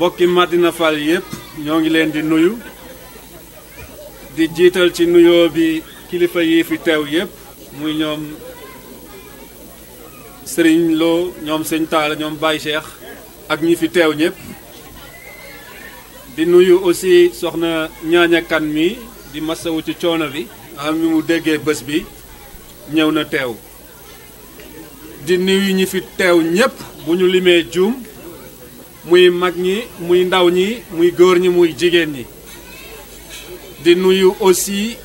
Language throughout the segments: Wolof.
mbokki Madina Fall yëpp ñoo ngi leen di nuyu di jiital ci nuyoo bi kilifa yi fi teew yëpp muy ñoom Serigne Lo ñoom sëñ Talla ñoom Baye Cheikh ak ñi fi teew ñëpp di nuyu aussi soxna ñaañakan mi di masawu ci coono bi am ñu mu déggee bés bi ñëw na teew di nuyu ñi fi teew ñëpp bu ñu limee juum Nous mag ñi muy ndaw aussi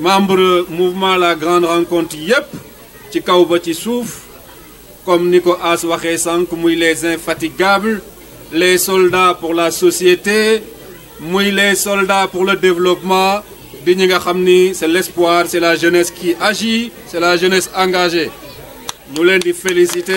mouvement la grande rencontre YEP, ci kaw comme Nico ko As les infatigables les soldats pour la société les soldats pour le développement Nous c'est l'espoir c'est la jeunesse qui agit c'est la jeunesse engagée Nous les di féliciter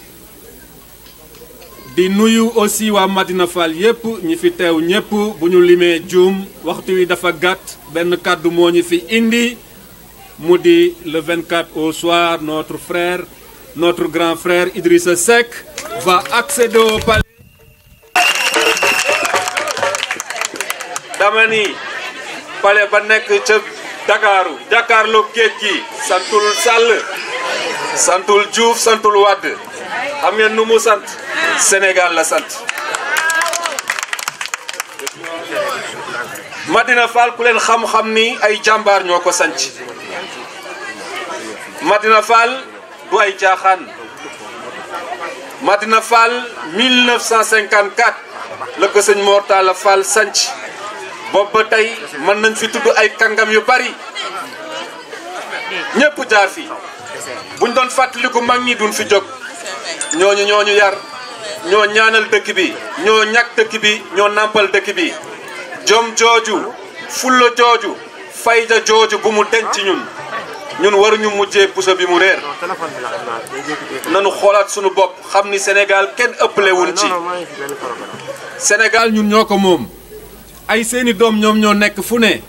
di nuyu aussi wa Madina Fall yëpp ñi fi teew ñëpp bu ñu limee juum waxtu wi dafa gàtt benn kàddu moo ñu fi indi mu di le 24 au soir notre frère notre grand frère Idrissa Seck va accéder au palais. dama ni palais ba nekk ca Dakaaru jàkkaarloo géej gi santul Sall santul Diouf santul Wade xam ngeen nu mu sant. senegal la sant Madina Fall ku leen xam-xam ni ay jàmbaar ñoo ko sanc Madina Fall du ay caaxaan Madina Fall 1954 la ko sëñ Mor Talla sanc boobu tey mën nañ fi tudd ay kàngam yu bari ñépp jaar fi buñ doon fàttaliku mag ñi duñ fi jóg ñooñu ñooñu yar ñoo ñaanal dëkk bi ñoo ñàkk dëkk bi ñoo nàmpal dëkk bi jom jooju fulla jooju fayda jooju bu mu ci ñun ñun waruñu mujjee puso bi mu réer nanu xoolaat suñu bopp xam ni Sénégal kenn ëpp ëppalewuñ ci Sénégal ñun ñoo ko moom ay seeni doom ñoom ñoo nekk fu ne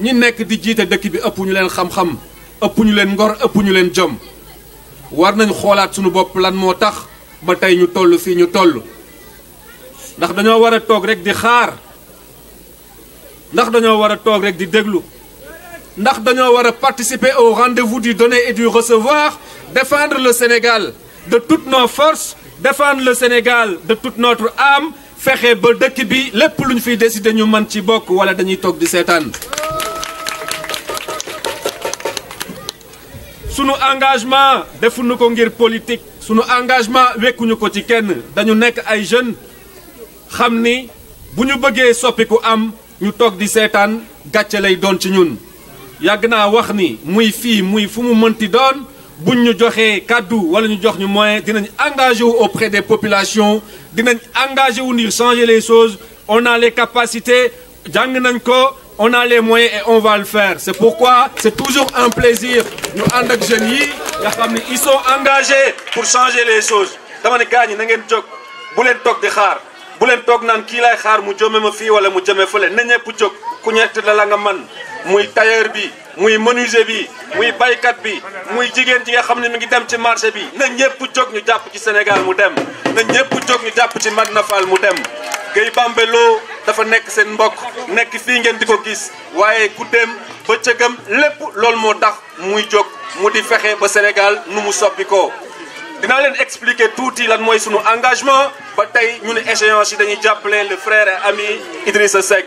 ñi nekk di jiite dëkk bi ëpp ñu leen xam-xam ëpp ñu leen ngor ëpp ñu leen jom war nañu xoolaat suñu bopp lan moo tax ba nous ñu tollu fii ñu tollu ndax dañoo war a toog rek di xaar ndax dañoo war a toog rek di déglu ndax dañoo participer au rendez-vous du donner et du recevoir défendre le Sénégal de toutes nos forces défendre le Sénégal de toute notre âme fexe ba dëkk bi lépp luñ ñu fiy décider ñu man ci bokk wala dañuy toog di seetaan. sunu engagement defuñu ko ngir politique suñu engagement wekkuñu ko ci kenn dañu nekk ay jeunes xam ni bu ñu bëggee soppiku am ñu toog di seetaan gàcce lay doon ci ñun yàgg naa wax ni muy fii muy fu mu mënti doon buñ ñu joxee wala ñu jox ñu moyen dinañ engagé auprès des populations dinañ engagé wu changer les choses on a les capacités jàng nañ ko on a les moyens et on va le faire. C'est pourquoi c'est toujours un plaisir. Nous andak jeunes yi nga ils sont engagés pour changer les choses dama ne gars ñi na ngeen jóg bu leen toog di xaar bu leen toog naan kii lay xaar mu jëme ma fii wala mu jëme fële na ku la la nga man muy tailleur bi muy menuisier bi muy baykat bi muy jigen ci nga xamni mi ngi dem ci marché bi na ñepp jóg ñu jàpp ci Sénégal mu dem na ñepp jóg ñu jàpp ci magnafal mu dem Gueye Bamba dafa nekk sen mbok nekk fi ngeen di ko gis waaye ku dem ba lepp lépp mo tax muy jóg mu di fexé ba Sénégal nu mu soppiko dina dinaa expliquer touti lan moy suñu engagement ba tay ñu échéance dañuy jàppale le frère et ami Idrissa Seck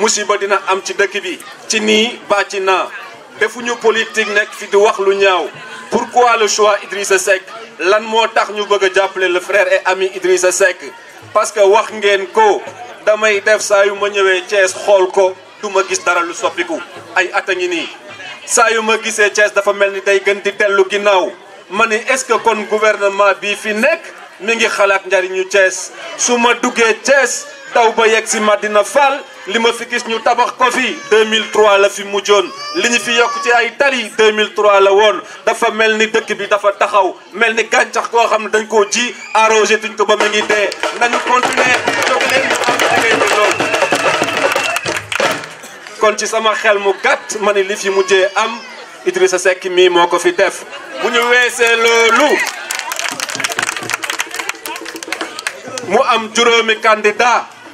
musiba dina am ci dëkk bi ci nii ba ci naa defuñu politique nekk fi di wax lu ñaaw pour pourquoi le choix sa Seck lan moo tax ñu bëgg a jàppale le frère et ami Idrissa Seck parce que wax ngeen ko damay def saa yu ma ñëwee Thiès xool ko du ma gis dara lu soppiku ay at a ngi nii saa yu ma gisee Thiès dafa mel ni day gën di tellu ginnaaw ma ne est-ce que kon gouvernement bii fi nekk mi ngi xalaat njariñu Thiès su ma duggee Thiès taw ba yegg si Madina fal li ma fi gis ñu tabax ko fi 2003 la fi mujjoon li ñu fi yokk ci ay tali 2003 la woon dafa mel ni dëkk bi dafa taxaw mel ni gàncax goo xam ne dañ koo ji arrosé tuñ ko ba mu ngi dee nañu continuer kon ci sama xel mu gàtt ma ne li yi mujjee am Idrissa Seck mii moo ko fi def bu ñu weesee loolu mu am juróomi candidat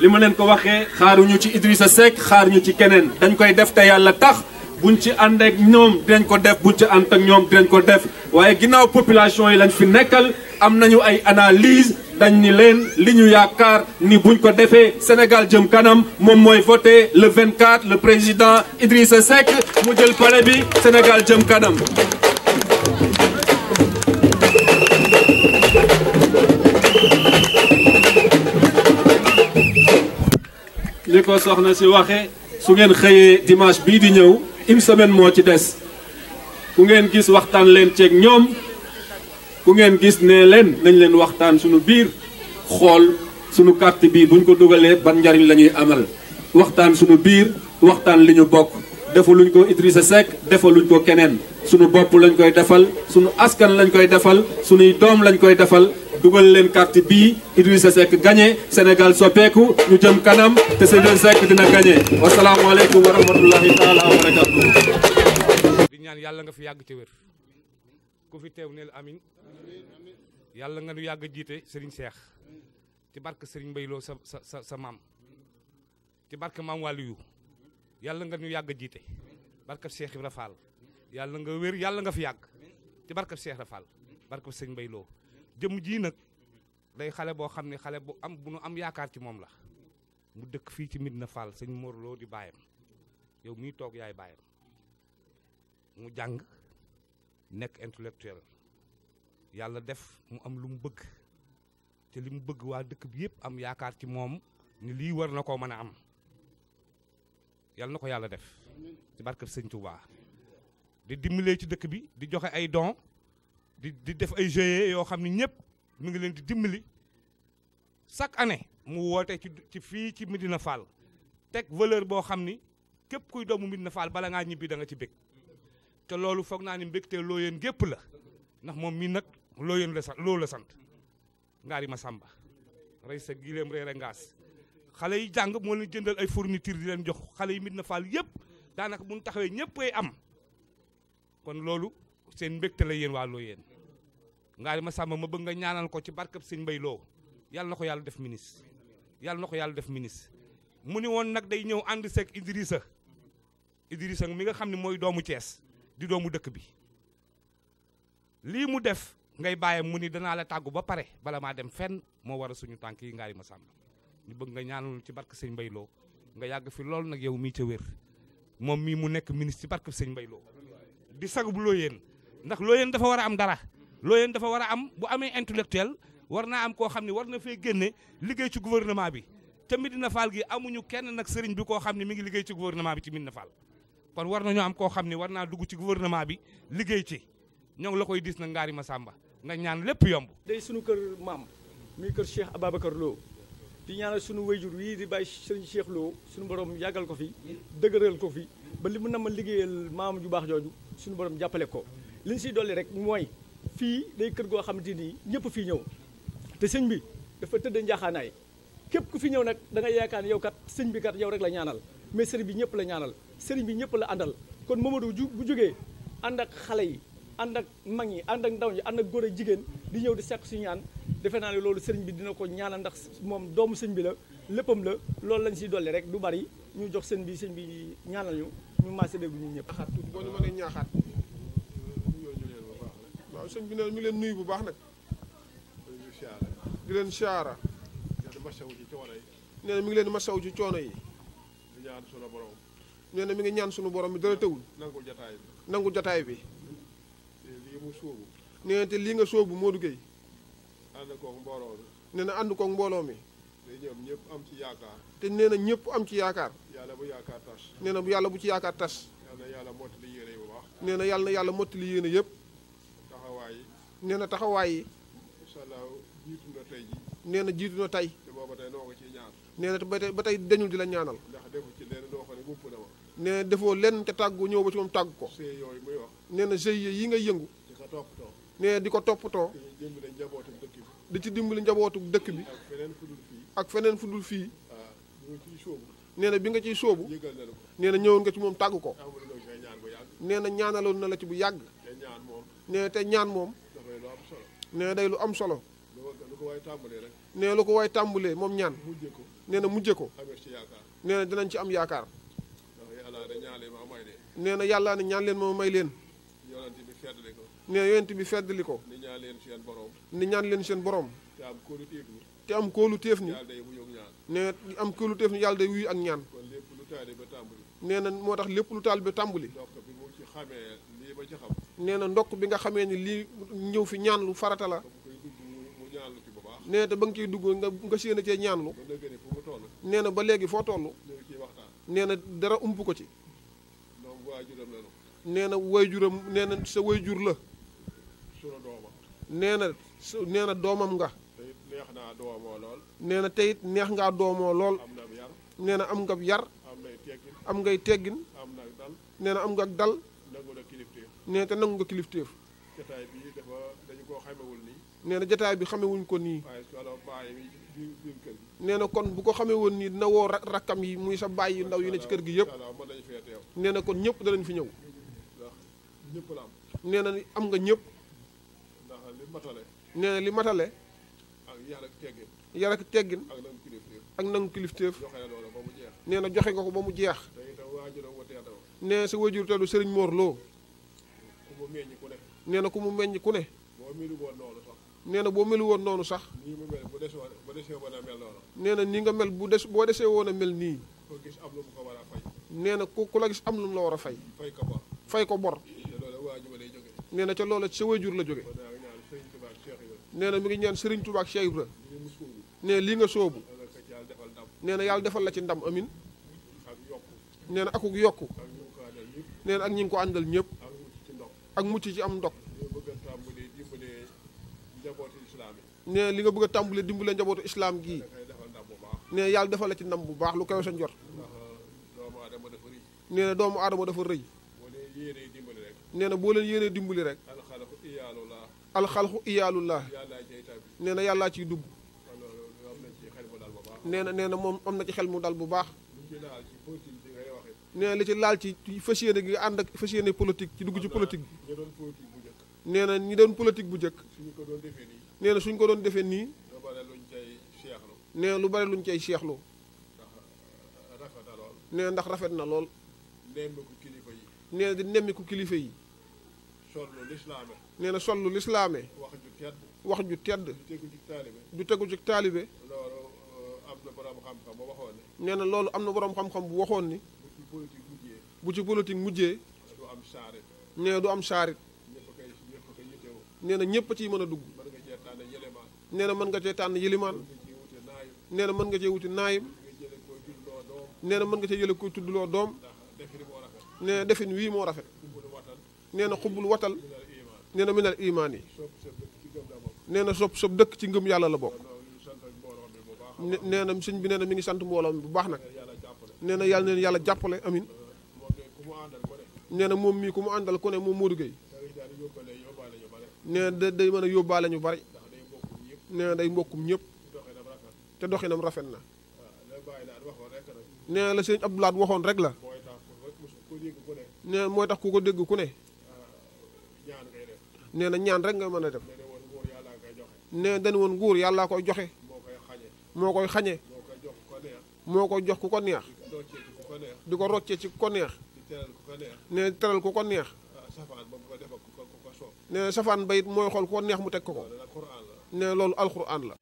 li leen ko waxee xaaruñu ci Idrissa Seck xaaruñu ci keneen dañ koy def te yàlla tax buñ ci ànd ak ñoom dinañ ko def buñ ci ànd ak ñoom dinañ ko def waaye ginnaaw population yi lañ fi nekkal am nañu ay analyse dañ ni leen li ñu ni buñ ko defee Sénégal jëm kanam moom mooy voté le 24 le président Idrissa Seck mu jël palais bi Sénégal jëm kanam liko soxna si waxe su ngeen xeye dimanche bi di ñew im semaine mo ci dess ku ngeen gis len ci ak ñom ku ngeen gis ne len nañ len waxtan suñu bir xol suñu carte bi buñ ko dugale ban njariñ lañuy amal waxtan suñu bir waxtan liñu bok defu luñ ko Idrissa Seck luñ ko kenen suñu bop lañ koy defal suñu askan lañ koy defal suñu dom lañ koy defal dugal len carte bi Idrissa sek gagné Sénégal sopéku ñu jëm kanam té Seydou Seck dina gagné alaykum wa rahmatullahi taala wa barakatuh di ñaan yalla nga fi yag ci wër ku fi tew neul amin yalla nga ñu yag jité Serigne Cheikh ci barke Serigne Mbayloo sa sa sa mam ci barke mam Waliyu yalla nga ñu yag jité barke Cheikh ibrahim Fall yalla nga wër yalla nga fi yag ci barke Cheikh rafal barke Serigne jëm jii nag day xale boo xam ne xale bu am bu nu am yaakaar ci moom la mu dëkk fii ci Médina Fall sëñ Mor Lo di baayam yow mii toog yaay baayam mu jàng nekk intellectuel yàlla def mu am lu mu bëgg te li mu bëgg waa dëkk bi yëpp am yaakaar ci moom ni lii war na koo mën a am yàlla na ko yàlla def ci barke Sëñ Touba di dimbalee ci dëkk bi di joxe ay don di di def ay GIE yoo xam ne ñëpp mu ngi leen di dimbali chaque année mu woote ci fii ci Medina Fall teg valeur boo xam ni képp kuy doomu Medina Fall bala ngaa ñibbi da nga ci bég te loolu foog naa ni mbégte loo yéen gépp la ndax moom mii nag loo yéen la sant loo la sant ngaari ma sàmba rey sa gileem reere ngaas xale yi jàng moo leen jëndal ay fourniture di leen jox xale yi Medina Fall yëpp daanaka bu ñu taxawee ñëpp ay am kon loolu seen mbégte la yéen waa yéen nga ma sàmm ma bëgg nga ñaanal ko ci barkab sëñ Mbay Lo yàlla na ko yàlla def ministre yàlla na ko yàlla def ministre mu ni woon nag day ñëw ànd seeg Idrissa Idrissa mi nga xam ne mooy doomu Cees di doomu dëkk bi lii mu def ngay bàyyam mu ni danaa la tàggu ba pare bala maa dem fenn moo war a suñu tànk yi ma sàmm ñu bëgg nga ñaanal ci barke sëñ Mbay Lo nga yàgg fi lool nag yow mii ca wér moom mii mu nekk ministre ci barke sëñ Mbay di sagub loo yéen ndax loo dafa war am dara loolu dafa war a am bu amee intellectuel war na am koo xam ne war na fee génne liggéey ci gouvernement bi te Medina Fall gi amuñu kenn nag sëriñ bi koo xam ne mi ngi liggéey ci gouvernement bi ci Medina Fall kon war nañoo am koo xam ne war naa dugg ci gouvernement bi liggéey ci ñoo la koy diis na ngaari ma sàmba nga ñaan lépp yomb. day sunu kër maam muy kër Cheikh Ababacar Lo di ñaanal sunu wayjur wii di bàyyi sëriñ Cheikh Lo sunu borom yàggal ko fi dëgëral ko fi ba li mu na ma liggéeyal maam ju baax jooju sunu borom jàppale ko li ñu siy dolli rek mooy fi day kër goo xamante ni ñëpp fi ñëw te sëñ bi dafa tëdd njaxanaay képp ku fi ñëw nag da nga yaakaar yow kat sëñ bi kat yow rek la ñaanal mais sëriñ bi ñëpp la ñaanal sëriñ bi ñëpp la àndal kon Mamadou bu jógee ànd ak xale yi ànd ak mag ñi ànd ak ndaw ñi ànd ak góor ak jigéen di ñëw di sekk su ñaan defe naa ne loolu sëriñ bi dina ko ñaanal ndax moom doomu sëñ bi la léppam la loolu lañ siy dolli rek du bari ñu jox sëñ bi sëñ bi ñaanal ñu ñu maase dégg ñu ñëpp. ñaaxaat tuuti boo ñu mënee ñaaxaat waaw sëñ bi ne mi leen nuyu bu baax nag di leen siyaara nee na mi ngi leen masaw ci coono yi nee na mi ngi ñaan sunu borom mi dara tëwul nangu jataay bi nangu jataay bi nee na te lii nga sóobu Modou Gueye nee na ànd koog mbooloo mi ñëpp am ci yaakaar te nee na ñëpp am ci yaakaar yàlla bu yaakaar tas nee na bu yàlla bu ci yaakaar tas nee na yàlla mottali yéene bu baax nee na yàlla na yàlla mottali yéene yëpp taxawaay nee na taxawaay yi. incha jiitu na tey ji. nee na jiitu na tey. te booba tey noo ko ciy ñaan. nee na ba tey ba tey dañul di la ñaanal. ndax defu ci lenn loo xam ne ump na ma. nee defoo lenn te tàggu ñëw ba ci moom tàggu ko. GIE muy wax. nee yi ngay yëngu. di ko toppatoo. nee di ko toppatoo. di ci dimbali njabootu dëkk di ci dimbali njabootu dëkk bi. ak feneen ak feneen fii. waaw ah, ñu ciy na ciy sóobu. yëgal na ñëwoon nga ci moom tàggu ko. nee na ñaanaloon na la ci bu yàgg nee te ñaan moom. nee day lu am solo. lu ko waay tàmbalee rek. nee lu ko waay tàmbalee moom ñaan. nee na mujje ko. nee na dinañ ci am yaakaar. nee na yàlla ne ñaan leen ma may leen. nee yonent bi feddali ko. ni ñaan leen seen borom. ni ñaan leen seen borom. te am kóolu téef ni. te am kóolu téef ni. nee am kóolu téef ni yàlla day wuyu ak ñaan. nee na moo tax lépp lu taalibe tàmbali. nee na moo tax lépp lu taalibe tàmbali. nee na lii ma nee dok ndokk bi nga xamee ni li ñëw fi ñaanlu farata la nee te ba nga ciy dugg nga nga séen a cee ñaanlu nee ba léegi foo toll nee dara ump ko ci nee na wayjuram nee sa wayjur la nee na doomam nga nee teyit neex nga doomoo lool am nga yar am ngay teggin am nga dal nee te nangu nga kilifteef. jataay nee na jataay bi xamewuñ ko nii. nee na kon bu ko xamee woon nii dina woo rakkam yi muy sa baay ndaw yi ne ci kër gi yëpp. nee na kon ñëpp danañ fi ñëw. nee na am nga ñëpp. nee li matale. yar ak teggin. ak nangu kilifteef. nee na joxe nga ko ba mu jeex. nee sa wajur teelu sëriñ Mor nee na ku mu meññ ku ne. boo melu woon nee na boo melu woon noonu sax. nii mu mel bu des woon bu nee na ni nga mel bu des boo desee woon mel nii. ko gis am lu nee na ku ku la gis am lu mu la war a fay. fey ko bor fay ko bor. nee na ca loola sa jur la jóge nee na mi ngi ñaan Serigne Touba ak Cheikh Ibra. nee lii nga sóobu. nee na yàlla defal la ci ndam amin nee na akuk yokku. nee na ak ñi ngi ko àndal ñëpp. ak mucc ci am ndog ne li nga bëgg a dimbale njabootu islaam gii ne yàlla defal la ci ndam bu baax lu kawe sa njort uh, nee na doomu aadama dafa rëy nee na boo leen yéenee dimbali rek alxalxu iyaalullaah nee na yàllaa ciy dugg nee na nee na moom am na ci xel mu dal bu baax nee li ci laal ci fas yéene gi ànd ak fas yéene politique ci dugg ci politique bi nee na ñi doon politique bu njëkk nee na suñ ko doon defee nii nee lu bare luñ cay seexlu nee eh, ndax rafet na lool nee di nemmiku kilifa yi sol nee na sollu lislaame wax ju tedd du tegu ci taalibe eh, nee na loolu am na boroom xam-xam bu waxoon ni bu ci politique mujjee nee du am charit nee na ñëpp ci mën a dugg nee na mën nga cee tànn naim, nee na mën nga cee wuti naayim nee na mën nga cee yële koy tuddloo doom nee na defin wii moo rafet nee na xubbul watal nee na minal imani, yi nee na sob sob dëkk ci ngëm yàlla la bokk nee na sëñ bi nee na mi ngi sant mbooloo bu baax nag nee na yàlla neen yàlla jàppale amin nee moom mii ku mu àndal ku ne moom Modou Gueye nee day mën a yóbbaale ñu bari nee day mbokkum ñëpp te doxinam rafet na nee na la sëñ Abdou waxoon rek la nee mooy tax ku ko dégg ku ne nee na ñaan rek nga mën a def nee na dañu woon nguur yàllaa koy joxe moo koy xañe moo koy jox ku ko moo koy jox ku ko neex di ko roccee ci ko neex. ne teral ku ko neex. Ah, ne safaan ba it mooy xool ku ko neex mu teg ko ko. ne loolu alxuraan la.